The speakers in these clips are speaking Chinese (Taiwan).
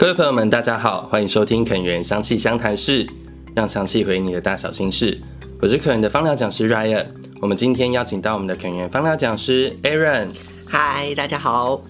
各位朋友們，大家好，歡迎收聽肯園香氣相談室，讓香氣回應你的大小心事。我是肯園的芳療講師 Ryan，我們今天邀請到我們的肯園芳療講師 Aaron。Hi，大家好。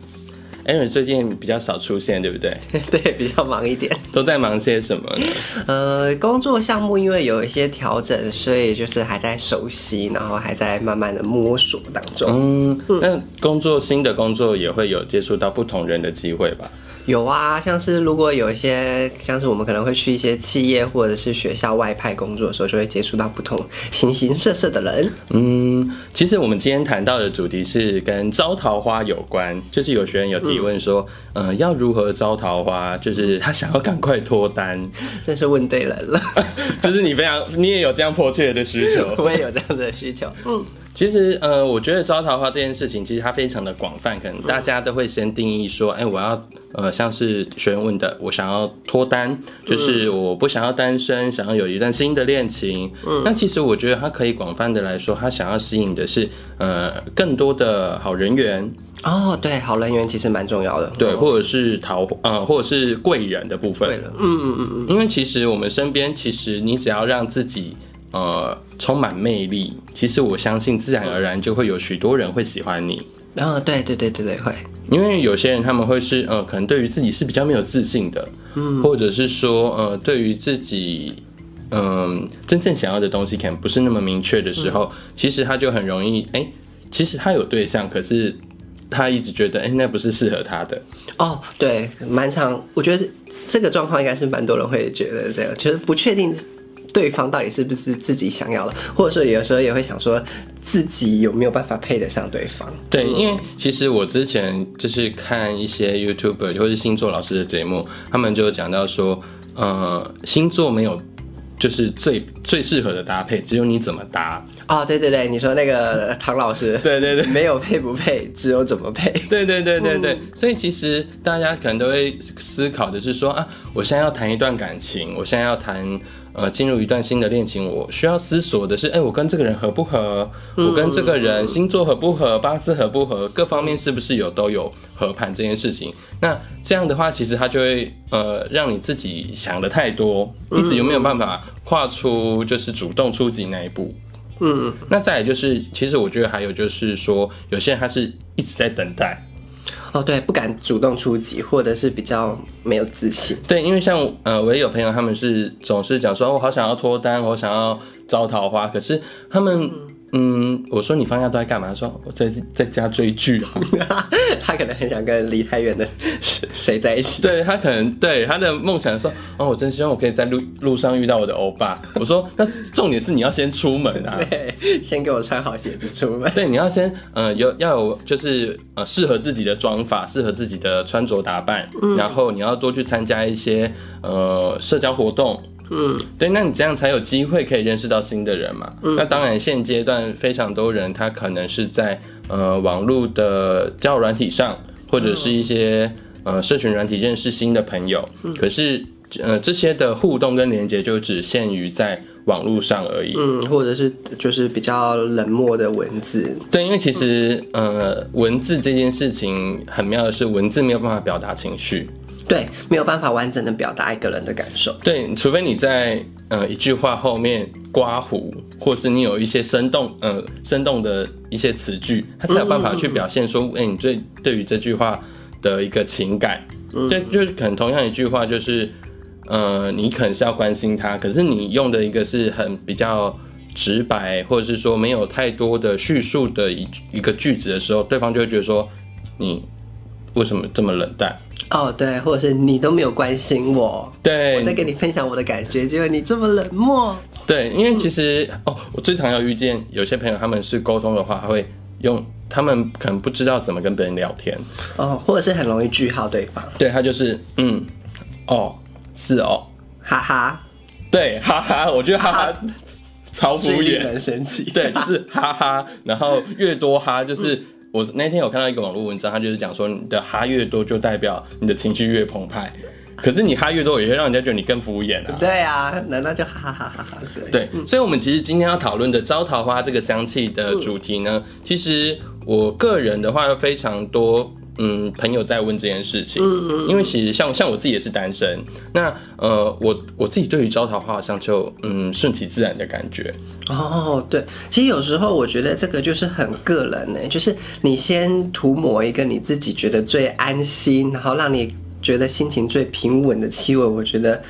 Aaron 最近比較少出現，對不對？ 對，比較忙一點。都在忙些什麼呢？ 呃，工作項目因為有一些調整，所以就是還在熟悉，然後還在慢慢的摸索當中。嗯，嗯，那工作新的工作也會有接觸到不同人的機會吧？有啊，像是如果有一些像是我們可能會去一些企業或者是學校外派工作的時候，就會接觸到不同形形色色的人。嗯，其實我們今天談到的主題是跟招桃花有關，就是有學員有提問說，嗯、呃，要如何招桃花？就是他想要趕快脫單。這是問對人了。啊，就是你非常，你也有這樣迫切的需求。我也有這樣子的需求。嗯，其實呃，我覺得招桃花這件事情，其實它非常的廣泛，可能大家都會先定義說，哎，我要呃。像是學員問的，我想要脫單，就是我不想要單身，嗯、想要有一段新的戀情。嗯、那其實我覺得他可以廣泛的來說，他想要吸引的是呃更多的好人緣。哦，對，好人緣其實蠻重要的。對，哦、或者是桃呃，或者是貴人的部分。對了嗯嗯嗯嗯。因為其實我們身邊，其實你只要讓自己呃充滿魅力，其實我相信自然而然就會有許多人會喜歡你。然、哦、嗯，對對對對對，會，因為有些人他們會是，呃，可能對於自己是比較沒有自信的，嗯，或者是說，呃，對於自己，嗯、呃，真正想要的東西可能不是那麼明確的時候，嗯、其實他就很容易，哎，其實他有對象，可是他一直覺得，哎，那不是適合他的。哦，對，蠻常，我覺得這個狀況應該是蠻多人會覺得這樣，就是不確定對方到底是不是自己想要的，或者說有時候也會想說。自己有沒有辦法配得上對方？對，因為其實我之前就是看一些 YouTuber 或是星座老師的節目，他們就講到說，呃，星座沒有，就是最最適合的搭配，只有你怎麼搭。啊、哦，對對對，你說那個唐老師， 對，對對對，沒有配不配，只有怎麼配。對對對對對，對、 嗯，所以其實大家可能都會思考的是說啊，我現在要談一段感情，我現在要談。呃，進入一段新的戀情，我需要思索的是，哎，欸，我跟這個人合不合？我跟這個人星座合不合？八字合不合？各方面是不是有都有合盤這件事情？那這樣的話，其實他就會呃，讓你自己想得太多，一直又沒有辦法跨出就是主動出擊那一步。嗯，那再來就是，其實我覺得還有就是說，有些人他是一直在等待。哦，對，不敢主動出擊，或者是比較沒有自信。對，因為像呃，我也有朋友，他們是總是講說，我好想要脫單，我想要招桃花，可是他們。嗯。嗯，我說你放假都在幹嘛？說我在在家追劇。 他可能很想跟離太遠的誰誰在一起。對，他可能對他的夢想說，哦，我真希望我可以在路路上遇到我的歐巴。 我說，那重點是你要先出門啊。對，先給我穿好鞋子出門。對，你要先，呃，有要有就是呃，適合自己的妝髮、適合自己的穿着打扮。嗯。然後你要多去參加一些呃社交活動。嗯，對，那你這樣才有機會可以認識到新的人嘛。嗯，那當然，現階段非常多人他可能是在呃網絡的交友軟體上，或者是一些、嗯、呃社群軟體認識新的朋友。嗯、可是呃這些的互動跟連接就只限於在網絡上而已。嗯，或者是就是比較冷漠的文字。對，因為其實、嗯、呃文字這件事情很妙的是，文字沒有辦法表達情緒。對，沒有辦法完整的表達一個人的感受。對，除非你在呃一句話後面括弧，或是你有一些生動呃生動的一些詞句，他才有辦法去表現說，哎、嗯嗯嗯欸，你對對於這句話的一個情感。嗯嗯對，就就是可能同樣一句話，就是呃你可能是要關心他，可是你用的一個是很比較直白，或者是說沒有太多的敘述的一一個句子的時候，對方就會覺得說你。嗯為什麼這麼冷淡？哦、oh,，對，或者是你都沒有關心我。對，我在跟你分享我的感覺，結、就、果、是、你這麼冷漠。對，因為其實、嗯、哦，我最常要遇見有些朋友，他們是溝通的話，他會用他們可能不知道怎麼跟別人聊天。哦、oh,，或者是很容易句號對方。對，他就是嗯，哦，是哦，哈哈，對，哈哈，我覺得哈哈，哈，哈超敷衍神奇。對，是哈哈， 然後越多哈就是。嗯我那天有看到一個，網絡文章，他就是講說你的哈越多，就代表你的情緒越澎湃。可是你哈越多，也會讓人家覺得你更敷衍啊。對啊，難道就哈哈哈哈哈哈？對，所以我們其實今天要討論的招桃花這個香氣的主題呢，嗯、其實我個人的話非常多。嗯，朋友在問這件事情，嗯嗯、因為其實像像我自己也是單身，那呃，我我自己對於招桃花好像就嗯順其自然的感覺。哦，對，其實有時候我覺得這個就是很個人呢、欸，就是你先塗抹一個你自己覺得最安心，然後讓你覺得心情最平穩的氣味，我覺得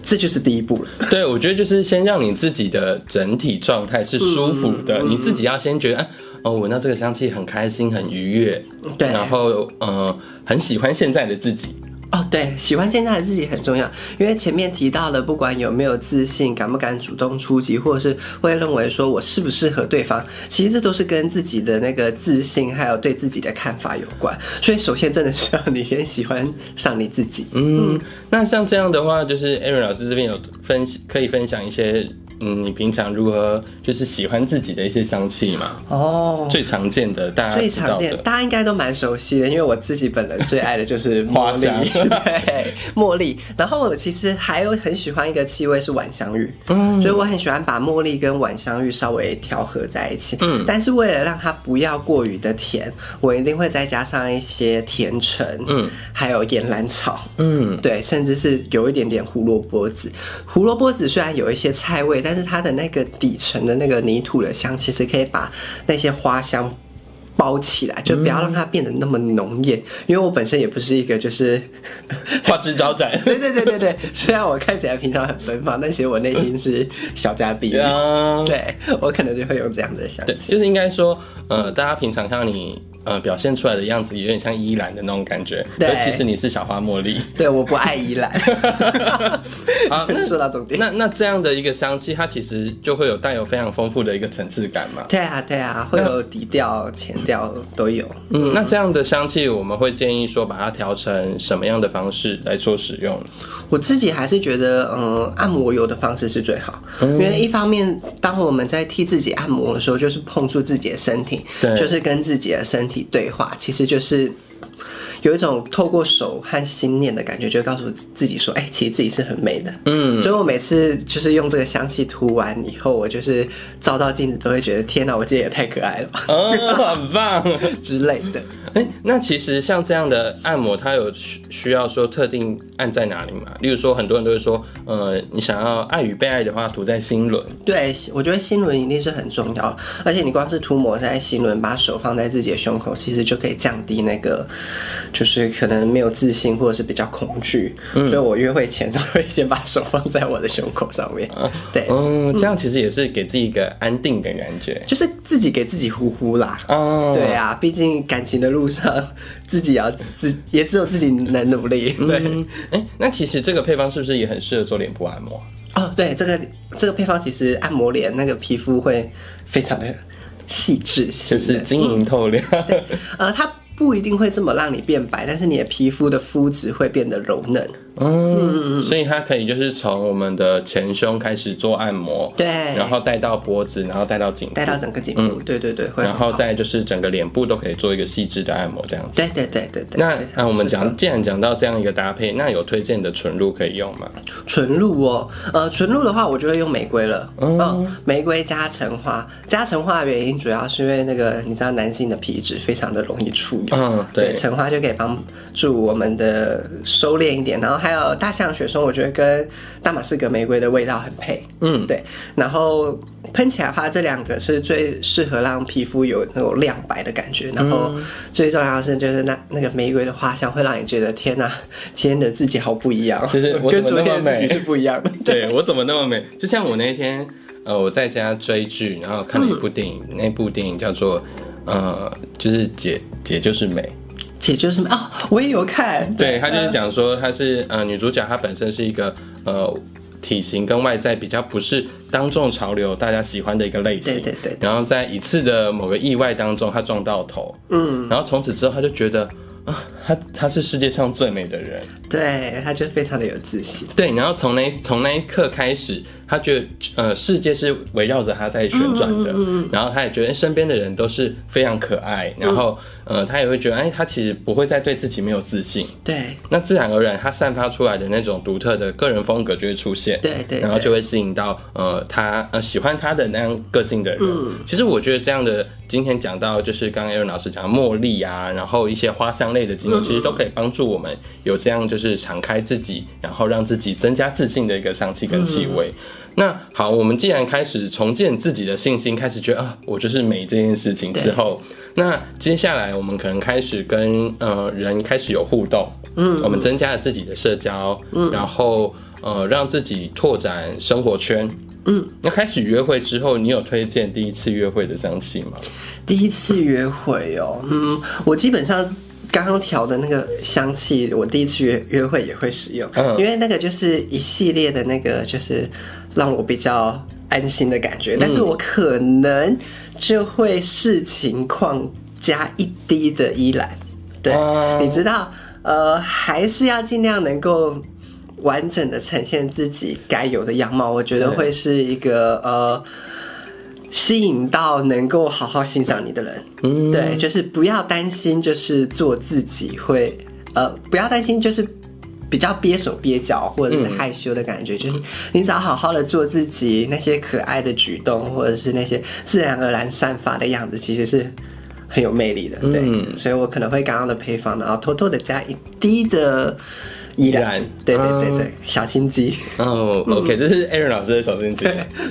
這就是第一步了。對，我覺得就是先讓你自己的整體狀態是舒服的、嗯嗯，你自己要先覺得。啊哦，聞到這個香氣很開心，很愉悅。對，然後嗯、呃，很喜歡現在的自己。哦、oh，對，喜歡現在的自己很重要，因為前面提到了，不管有沒有自信，敢不敢主動出擊，或者是會認為說我適不適合對方，其實這都是跟自己的那個自信還有對自己的看法有關。所以，首先真的是要你先喜歡上你自己。嗯，嗯那像這樣的話，就是 Aaron 老師這邊有分，可以分享一些。嗯，你平常如何就是喜歡自己的一些香氣嘛？哦，最常見的大家的最常見大家應該都蠻熟悉的，因為我自己本人最愛的就是茉莉， 香對，茉莉。 然後我其實還有很喜歡一個氣味是晚香玉，嗯，所以我很喜歡把茉莉跟晚香玉稍微調和在一起，嗯，但是為了讓它不要過於的甜，我一定會再加上一些甜橙，嗯，還有一點蘭草，嗯，對，甚至是有一點點胡蘿蔔籽。胡蘿蔔籽雖然有一些菜味。但是它的那個底層的那個泥土的香，其實可以把那些花香包起來，就不要讓它變得那麼濃豔，嗯，因為我本身也不是一個就是花枝招展。對 對對對對，雖然我看起來平常很奔放，但其實我內心是小家碧玉，嗯。對對我可能就會用這樣的香氣。就是應該說，呃，大家平常看你，呃、表現出來的樣子，有點像依蘭的那種感覺，尤其是你是小花茉莉。對，我不愛依蘭。啊， 說到重點，那那，那這樣的一個香氣，它其實就會有帶有非常豐富的一個層次感嘛。對啊對啊，會有底調、前調。都有嗯，嗯，那這樣的香氣，我們會建議說把它調成什麼樣的方式來做使用？我自己還是覺得，嗯，按摩油的方式是最好，嗯，因為一方面，當我們在替自己按摩的時候，就是碰觸自己的身體，對，就是跟自己的身體對話，其實就是。有一種透過手和心念的感覺，就告訴自己說：“哎、欸，其實自己是很美的。”嗯，所以我每次就是用這個香氣塗完以後，我就是照照鏡子都會覺得：“天哪、啊，我這也太可愛了吧！”哦，很棒 之類的、欸。那其實像這樣的按摩，它有需要說特定按在哪裡嗎？例如說，很多人都會說：“呃，你想要愛與被愛的話，塗在心輪。”對，我覺得心輪一定是很重要。而且你光是塗抹在心輪，把手放在自己的胸口，其實就可以降低那個。就是可能沒有自信，或者是比較恐懼、嗯，所以我約會前都會先把手放在我的胸口上面、啊。對，嗯，這樣其實也是給自己一個安定的感覺。就是自己給自己呼呼啦。哦，對啊，畢竟感情的路上，自己要自，也只有自己能努力。嗯、對，哎、欸，那其實這個配方是不是也很適合做臉部按摩？哦，對，這個這個配方其實按摩臉，那個皮膚會非常的細緻，就是晶瑩透亮、嗯。對，呃，它。不一定會這麼讓你變白，但是你的皮膚的膚質會變得柔嫩。嗯，所以它可以就是從我們的前胸開始做按摩，對，然後帶到脖子，然後帶到頸部，帶到整個頸部，嗯、對對對對。然後再就是整個臉部都可以做一個細緻的按摩，這樣子。對對對對對。那那，那我們講，既然講到這樣一個搭配，那有推薦的純露可以用嗎？純露哦，呃，純露的話我就會用玫瑰了，嗯，嗯，玫瑰加橙花，加橙花的原因主要是因為那個你知道男性的皮脂非常的容易出油，嗯對，對，橙花就可以幫助我們的收斂一點，然後。還有大象雪松，我覺得跟大馬士革玫瑰的味道很配。嗯，對。然後噴起來的話，這兩個是最適合讓皮膚有那種亮白的感覺。嗯、然後最重要的是，就是那那個玫瑰的花香會讓你覺得，天哪，啊，今天的自己好不一樣。就是我怎麼那麼美？跟昨天的自己是不一樣的。對，對，我怎麼那麼美？就像我那天呃，我在家追劇，然後看了一部電影，嗯、那部電影叫做呃，就是姐《姐姐就是美》。解決什麼啊？我也有看，對，對，他就是講說，他是呃女主角，她本身是一個呃體型跟外在比較不是當眾潮流大家喜歡的一個類型，對對對，對。然後在一次的某個意外當中，她撞到頭，嗯，然後從此之後她就覺得啊。他他是世界上最美的人，對，他覺得非常的有自信，對，然後從那從那一刻開始，他覺得呃世界是圍繞着他在旋轉的嗯嗯嗯嗯，然後他也覺得身邊的人都是非常可愛，嗯、然後呃他也會覺得哎他其實不會再對自己沒有自信，對，那自然而然他散發出來的那種獨特的個人風格就會出現，對對，對，然後就會吸引到呃他呃喜歡他的那樣個性的人，嗯、其實我覺得這樣的今天講到就是剛剛 Aaron 老師講的茉莉啊，然後一些花香類的經。嗯其實都可以幫助我們有這樣，就是敞開自己，然後讓自己增加自信的一個香氣跟氣味。嗯，那好，我們既然開始重建自己的信心，開始覺得啊，我就是美這件事情之後，那接下來我們可能開始跟呃人開始有互動，嗯，我們增加了自己的社交，嗯，然後呃讓自己拓展生活圈，嗯，那開始約會之後，你有推薦第一次約會的香氣嗎？第一次約會哦，嗯，我基本上。剛剛調的那個香氣，我第一次約約會也會使用。嗯，因為那個就是一系列的那個，就是讓我比較安心的感覺。嗯，但是我可能就會視情況加一滴的依蘭，對，嗯，你知道，呃，還是要儘量能夠完整的呈現自己該有的樣貌。我覺得會是一個呃。吸引到能夠好好欣賞你的人，嗯，對，就是不要擔心，就是做自己會，呃，不要擔心就是比較憋手憋腳或者是害羞的感覺，嗯，就是你只要好好的做自己，那些可愛的舉動或者是那些自然而然散發的樣子，其實是很有魅力的，嗯，對。所以我可能會剛剛的配方，然後偷偷的加一滴的。依然，對對對對，嗯、小心機哦。OK，嗯、這是 Aaron 老師的小心機，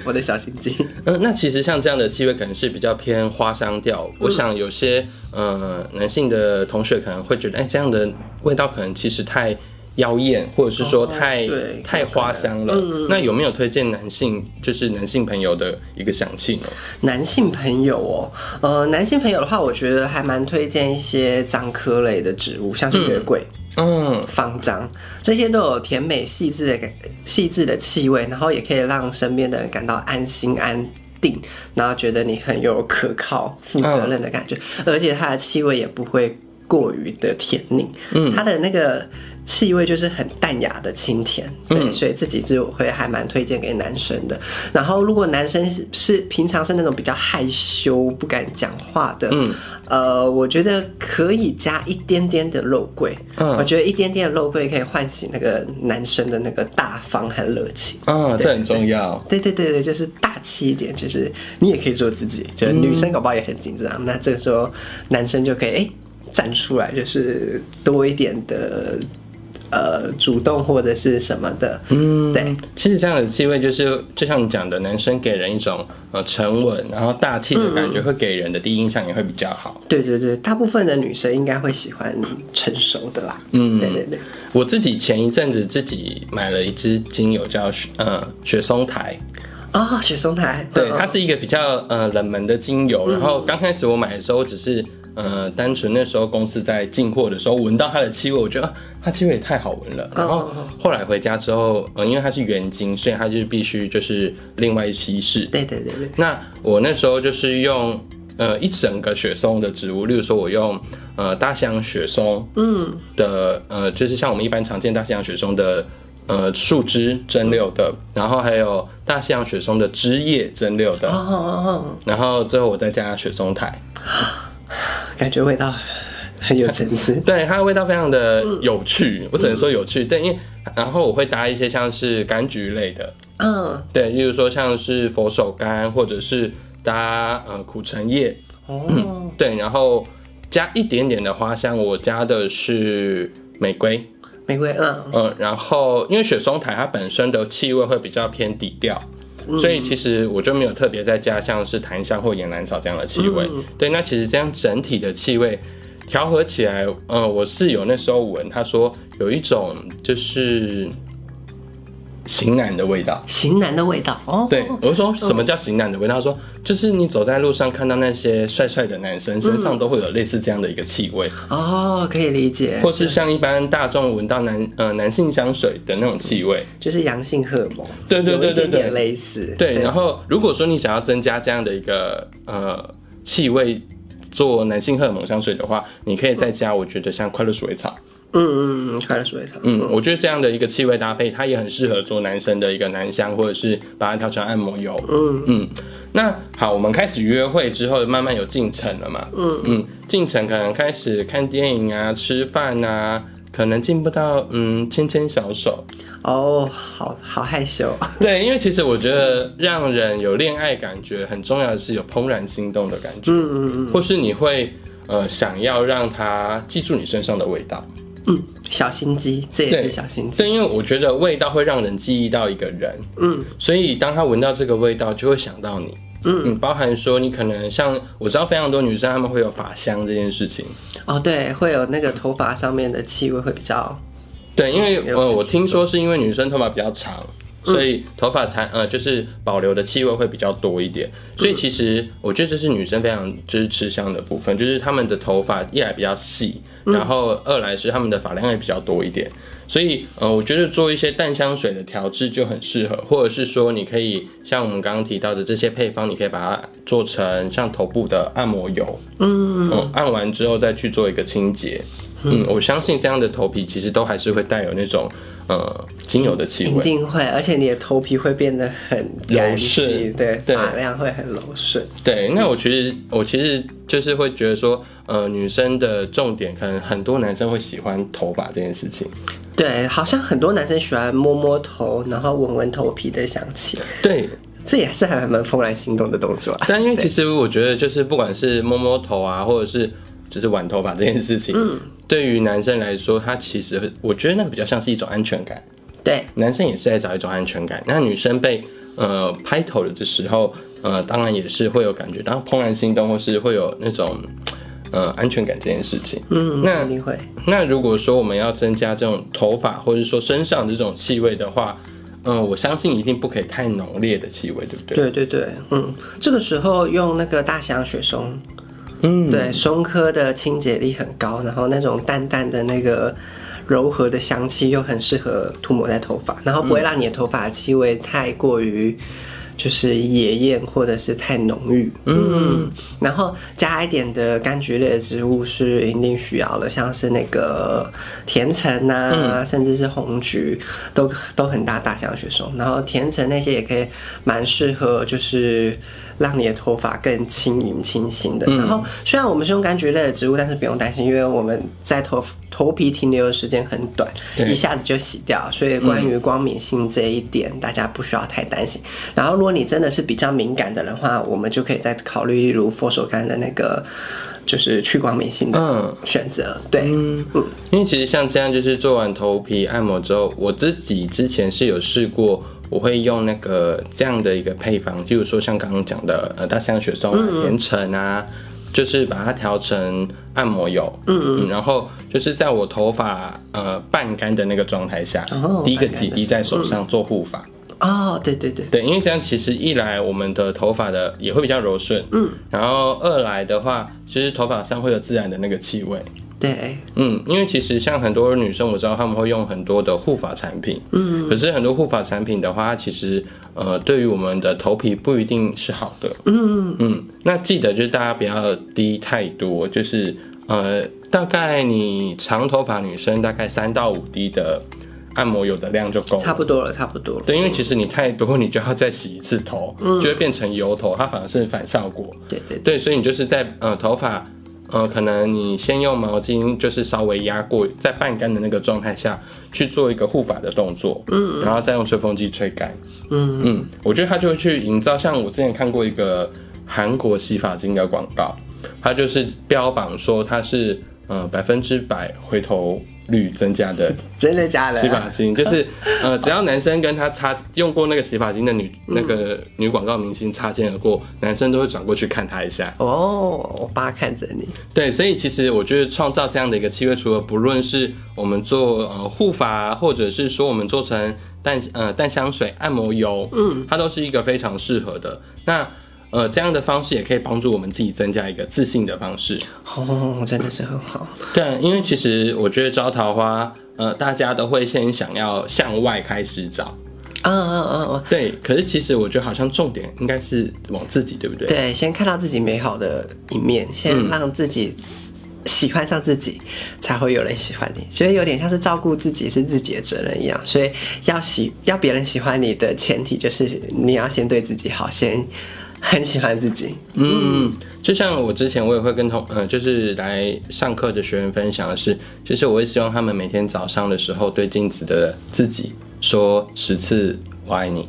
我的小心機。嗯、呃，那其實像這樣的氣味可能是比較偏花香調、嗯。我想有些呃男性的同學可能會覺得，哎、欸，這樣的味道可能其實太妖豔，或者是說太、哦、太花香了，了、嗯。那有沒有推薦男性，就是男性朋友的一個香氣呢？男性朋友哦，呃，男性朋友的話，我覺得還蠻推薦一些樟科類的植物，像是月桂。嗯嗯、oh.，芳樟這些都有甜美細緻的、細緻的氣味，然後也可以讓身邊的人感到安心安定，然後覺得你很有可靠、負責任的感覺，oh. 而且它的氣味也不會過於的甜膩。嗯，它的那個。氣味就是很淡雅的清甜，對，嗯、所以這幾支我會還蠻推薦給男生的。然後如果男生是，是平常是那種比較害羞、不敢講話的，嗯，呃，我覺得可以加一點點的肉桂，嗯，我覺得一點點的肉桂可以喚醒那個男生的那個大方和熱情，嗯、哦，這很重要，哦對。對對對對，就是大氣一點，就是你也可以做自己，就女生搞不好也很緊張，嗯、那這個時候男生就可以誒站出來，就是多一點的。呃，主動或者是什麼的，嗯，對。其實這樣的氣味就是，就像你講的，男生給人一種呃沉穩，然後大氣的感覺，會給人的第一印象也會比較好，嗯嗯。對對對，大部分的女生應該會喜歡成熟的啦。嗯，對對對。我自己前一陣子自己買了一支精油叫、叫呃雪松苔。啊，哦，雪松苔。對，嗯，它是一個比較呃冷門的精油。然後剛開始我買的時候只是。呃，單純那時候公司在進貨的時候聞到它的氣味，我覺得、啊、它氣味也太好聞了、哦。然後後來回家之後，呃，因為它是原精，所以它就是必須就是另外一稀釋。對對對對。那我那時候就是用呃一整個雪松的植物，例如說我用呃大西洋雪松，嗯的呃就是像我們一般常見大西洋雪松的呃樹枝蒸餾的，然後還有大西洋雪松的枝葉蒸餾的、哦，然後最後我再加雪松台。嗯感覺味道很有層次 對，對它的味道非常的有趣，嗯，我只能說有趣。對，因為然後我會搭一些像是柑橘類的，嗯，對，例如說像是佛手柑，或者是搭呃苦橙葉，嗯、哦， 對，然後加一點點的花香，我加的是玫瑰，玫瑰，嗯嗯，然後因為雪松苔它本身的氣味會比較偏底調。所以其實我就沒有特別再加像是檀香或岩蘭草這樣的氣味。對，那其實這樣整體的氣味調和起來，呃，我室友那時候聞，他說有一種就是。型男的味道，型男的味道。哦，對，我就說什麼叫型男的味道？他、哦、說就是你走在路上看到那些帥帥的男生，身上、嗯、都會有類似這樣的一個氣味。哦，可以理解。或是像一般大眾聞到男，呃，男性香水的那種氣味，就是陽性荷爾蒙。對對對對對，有點，點類似。對，對，對，對，然後如果說你想要增加這樣的一個，呃，氣味，做男性荷爾蒙香水的話，你可以再加，我覺得像快樂鼠尾草。嗯嗯，快來說一下。嗯，我覺得這樣的一個氣味搭配，它也很適合做男生的一個男香，或者是把它調成按摩油。嗯嗯，那好，我們開始約會之後，慢慢有進程了嘛？嗯嗯，進程可能開始看電影啊，吃飯啊，可能進不到嗯牽牽小手。哦，oh，好好害羞。對，因為其實我覺得讓人有戀愛感覺很重要的是有怦然心動的感覺。嗯嗯嗯，或是你會呃想要讓他記住你身上的味道。嗯，小心機，這也是小心機。對，對，因為我覺得味道會讓人記憶到一個人。嗯，所以當他聞到這個味道，就會想到你。嗯。嗯，包含說你可能像我知道非常多女生，她們會有髮香這件事情。哦，對，會有那個頭髮上面的氣味會比較。對，因為、嗯、呃，我聽說是因為女生頭髮比較長。所以頭髮才、嗯、呃，就是保留的氣味會比較多一點。所以其實我覺得這是女生非常就是吃香的部分，就是她們的頭髮一來比較細，然後二來是她們的髮量也比較多一點。所以呃，我覺得做一些淡香水的調製就很適合，或者是說你可以像我們剛剛提到的這些配方，你可以把它做成像頭部的按摩油，嗯，嗯，按完之後再去做一個清潔。嗯，我相信這樣的頭皮其實都還是會帶有那種，呃，精油的氣味，一定會。而且你的頭皮會變得很柔順，對，髮量會很柔順。對，那我其實、嗯、我其實就是會覺得說，呃，女生的重點可能很多男生會喜歡頭髮這件事情。對，好像很多男生喜歡摸摸頭，然後聞聞頭皮的香氣。對， 這也是還蠻怦然心動的動作，對。但因為其實我覺得就是不管是摸摸頭啊，或者是。就是玩頭髮這件事情，嗯，對於男生來說，他其實我覺得那個比較像是一種安全感，對，男生也是在找一種安全感。那女生被呃拍頭的這時候，呃，當然也是會有感覺，然後怦然心動，或是會有那種呃安全感這件事情。嗯，那一定會，那如果說我們要增加這種頭髮或者說身上這種氣味的話，嗯、呃，我相信一定不可以太濃烈的氣味，對不對？對對對，嗯，這個時候用那個大象雪松。嗯，對，松科的清潔力很高，然後那種淡淡的那個柔和的香氣又很適合塗抹在頭髮，然後不會讓你的頭髮的氣味太過於就是野豔或者是太濃郁。嗯，嗯嗯，然後加一點的柑橘類的植物是一定需要的，像是那個甜橙啊，嗯、甚至是紅橘，都都很大。大香雪松，然後甜橙那些也可以蠻適合，就是。讓你的頭髮更輕盈、清新的。的、嗯，然後雖然我們是用柑橘類的植物，但是不用擔心，因為我們在頭頭皮停留的時間很短，一下子就洗掉，所以關於光敏性這一點、嗯，大家不需要太擔心。然後，如果你真的是比較敏感的人話，我們就可以再考慮，例如佛手柑的那個。就是去光敏性的選擇、嗯，對，嗯，因為其實像這樣，就是做完頭皮按摩之後，我自己之前是有試過，我會用那個這樣的一個配方，就是說像剛剛講的，呃，大西洋雪松、甜橙啊，就是把它調成按摩油，嗯嗯，嗯，然後就是在我頭髮呃半乾的那個狀態下、哦，滴個幾滴在手上、嗯、做護髮。哦、oh，對對對對，因為這樣其實一來我們的頭髮的也會比較柔順，嗯，然後二來的話，其、就是頭髮上會有自然的那個氣味，對，嗯，因為其實像很多女生，我知道她們會用很多的護髮產品，嗯，可是很多護髮產品的話，它其實呃對於我們的頭皮不一定是好的，嗯嗯，那記得就是大家不要滴太多，就是呃大概你長頭髮女生大概三到五滴的。按摩油的量就夠了，差不多了，差不多了。對，因為其實你太多，你就要再洗一次頭，嗯、就會變成油頭，它反而是反效果。對對對，對所以你就是在呃頭髮，呃，髮呃可能你先用毛巾就是稍微壓過，在半乾的那個狀態下去做一個護髮的動作，嗯，嗯，然後再用吹風機吹乾，嗯嗯，我覺得它就會去營造，像我之前看過一個韓國洗髮精的廣告，它就是標榜說它是百分之百回頭率增加的。真的假的？洗髮精就是，呃，只要男生跟他擦用過那個洗髮精的女、嗯、那個女廣告明星擦肩而過，男生都會轉過去看他一下。哦，我爸看着你。對，所以其實我覺得創造這樣的一個機會，除了不論是我們做呃護髮，或者是說我們做成淡呃淡香水、按摩油，嗯，它都是一個非常適合的。那呃，這樣的方式也可以幫助我們自己增加一個自信的方式哦，oh, oh, oh, oh, 真的是很好。對啊，因為其實我覺得招桃花，呃，大家都會先想要向外開始找。嗯，嗯，嗯，嗯。對，可是其實我覺得好像重點應該是往自己，對不對？對，先看到自己美好的一面，先讓自己喜歡上自己，嗯、才會有人喜歡你。所以有點像是照顧自己是自己的責任一樣，所以要喜，要別人喜歡你的前提就是你要先對自己好，先。很喜歡自己，嗯，就像我之前我也會跟同，呃，就是來上課的學員分享的是，就是我會希望他們每天早上的時候對鏡子的自己說十次我愛你，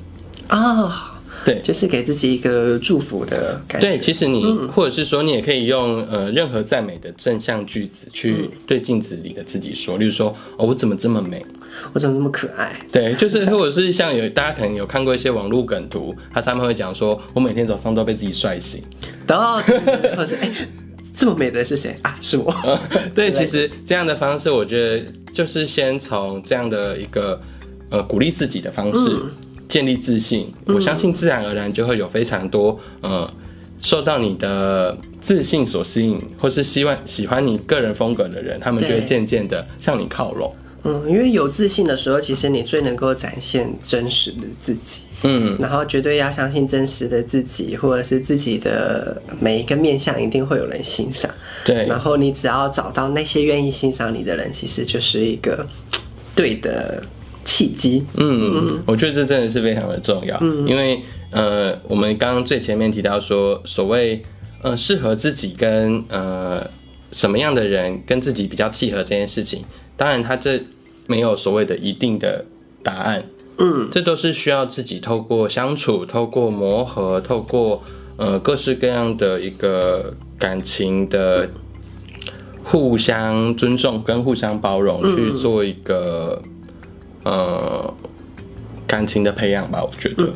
啊、哦。對，就是給自己一個祝福的感覺。對，其實你、嗯、或者是說，你也可以用呃任何讚美的正向句子去對鏡子裡的自己說、嗯，例如說，哦，我怎麼這麼美，我怎麼那麼可愛？對，就是或者是像有 大家可能有看過一些網絡梗圖，他上面會講說，我每天早上都被自己帥醒，然後 或者是哎、欸，這麼美的人是誰啊？是我。嗯、 對是是，其實這樣的方式，我覺得就是先從這樣的一個呃鼓勵自己的方式、嗯。建立自信，我相信自然而然就會有非常多，嗯，嗯受到你的自信所吸引，或是希望喜歡你個人風格的人，他們就會漸漸的向你靠攏。嗯，因為有自信的時候，其實你最能夠展現真實的自己。嗯，然後絕對要相信真實的自己，或者是自己的每一個面相一定會有人欣賞。對，然後你只要找到那些願意欣賞你的人，其實就是一個對的契機，嗯，我覺得這真的是非常的重要，嗯，因為呃，我們剛剛最前面提到說，所謂呃適合自己跟呃什麼樣的人跟自己比較契合這件事情，當然他這沒有所謂的一定的答案，嗯，這都是需要自己透過相處、透過磨合、透過，呃，各式各樣的一個感情的互相尊重跟互相包容去做一個。呃，感情的培養吧，我覺得、嗯。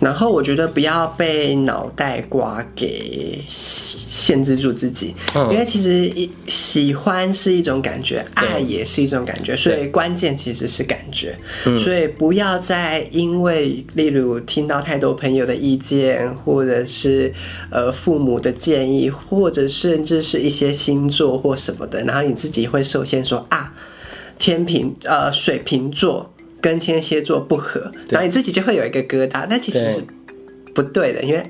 然後我覺得不要被腦袋瓜給限制住自己，嗯、因為其實一喜歡是一種感覺，愛也是一種感覺，所以關鍵其實是感覺。所以不要再因為，例如聽到太多朋友的意見，嗯、或者是呃父母的建議，或者甚至是一些星座或什麼的，然後你自己會受限說啊。天平呃，水瓶座跟天蠍座不合，然後你自己就會有一個疙瘩，但其實是不對的對，因為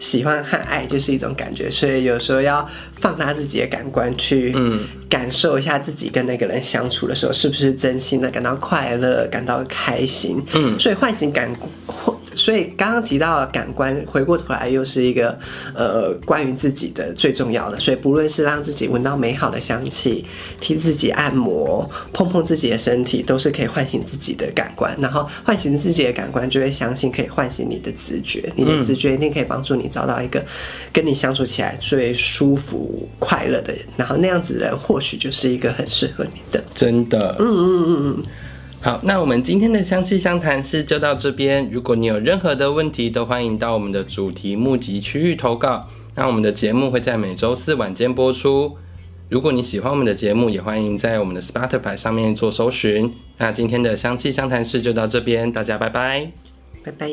喜歡和愛就是一種感覺，所以有時候要放大自己的感官去嗯。感受一下自己跟那個人相處的時候，是不是真心的感到快樂、感到開心？嗯，所以喚醒感，或，所以剛剛提到的感官，回過頭來又是一個呃關於自己的最重要的。所以不論是讓自己聞到美好的香氣，替自己按摩，碰碰自己的身體，都是可以喚醒自己的感官。然後喚醒自己的感官，就會相信可以喚醒你的直覺，你的直覺一定可以幫助你找到一個跟你相處起來最舒服、快樂的人。然後那樣子的人或或許就是一個很適合你的，真的。嗯嗯嗯嗯，好，那我們今天的香氣相談室就到這邊。如果你有任何的問題，都歡迎到我們的主題募集區域投稿。那我們的節目會在每周四晚間播出。如果你喜歡我們的節目，也歡迎在我們的 Spotify 上面做搜尋。那今天的香氣相談室就到這邊，大家拜拜，拜拜。